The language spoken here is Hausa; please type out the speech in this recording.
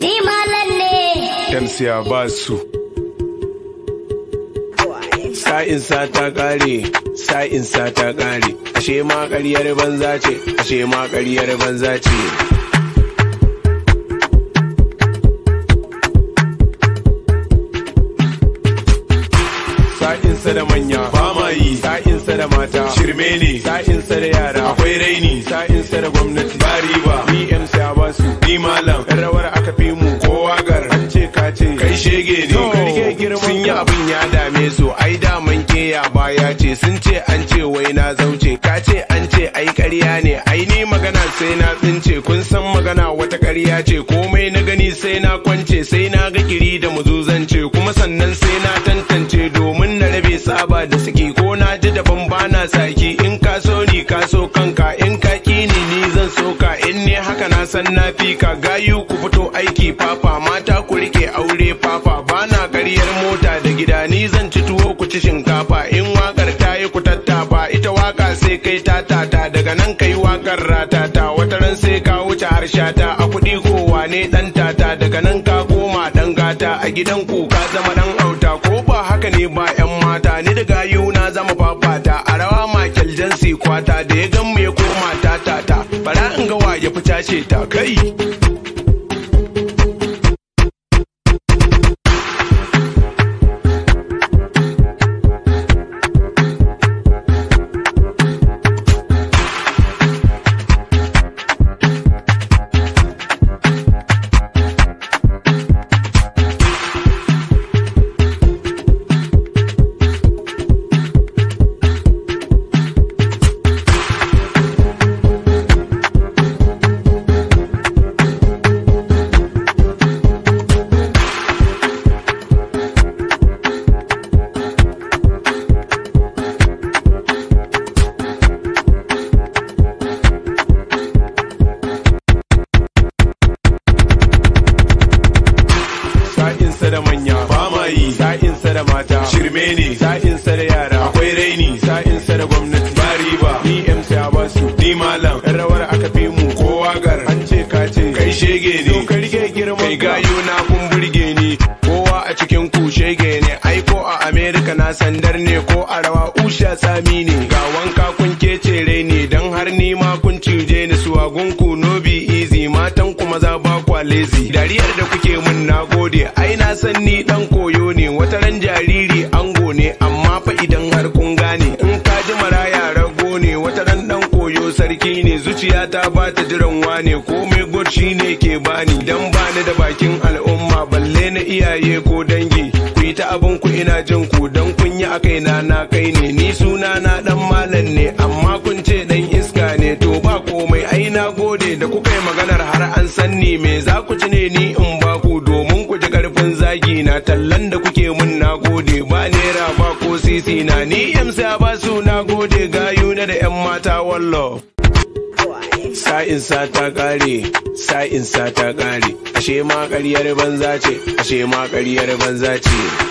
Ni malam ne. Tamsiya ba su. Sa'insa ta ƙare, sa'insa ta ƙare, ashe ma ƙaryar banza ce, ashe ma ƙaryar banza ce. sa'insa da manya ba ma yi sa'insa da mata shirme ne sa'insa da yara akwai raini sa'insa da gwamnati ba riba ni emsa ba su ni malam kace kai shege ne sun yi abin ya dame su ai daman ke ya baya ce sun ce an ce wai na zauce Kace an ce ai karya ne ai ni magana sai na tsince kun san magana wata karya ce komai na gani sai na kwance sai na ga kiri da muzuzance kuma sannan sai na tantance domin na rabe saba da suke ko na ji daban bana saki in ka so ni ka so kanka in ka kini ni ni zan so ka in ne haka na san na fi ka gayu ku fito aiki kai tatata daga nan kai wakar ratata wata ran sai ka wuce harshata a kuɗi ko wane ɗan tata daga nan ka koma ɗan gata a gidan ku ka zama ɗan auta ko ba haka ne ba 'yan mata ni daga yau na zama fafata a rawa makel jansi kwata da ya gan ya koma tatata bara in ga wa ya fi tashe ta kai. shirme ne sa'in sare yara akwai raini sa'in sare da gwamnati ba riba ni MC su. ni malam yan rawar aka fi mu kowa gar an ce ka ce kai shege ne ka karge girman kai gayu na kun burge ni kowa a cikin ku shege ne ai ko a America na sandar ne ko a rawa usha sami ne ga wanka kun kece ne dan har ni ma kun cije ni su ku no be easy matan ku maza ba kwa lazy dariyar da kuke mun nagode ai na san ni dan koyo ran jariri ango ne amma fa idan har kun gane in ka ji maraya rago ne wataran dan koyo sarki ne zuciya ta ba ta jiran wane komai gurshi ne ke bani dan bani da bakin al'umma balle na iyaye ko dangi ku ta abin ku ina jin ku dan kun yi akai na na kai ne ni suna na dan malam ne amma kun ce dan iska ne to ba komai ai na gode da kuka yi maganar har an sanni me za ku ci ne ni in ba ku domin kan zagi na tallan da kuke mun na gode ba nera ba ko sisi na ni yamsa ba su na gode gayu na da yan mata wallo sa'insa ta ƙare sa'insa ta kare ashe ma ƙaryar banza ce ashe ma ƙaryar banza ce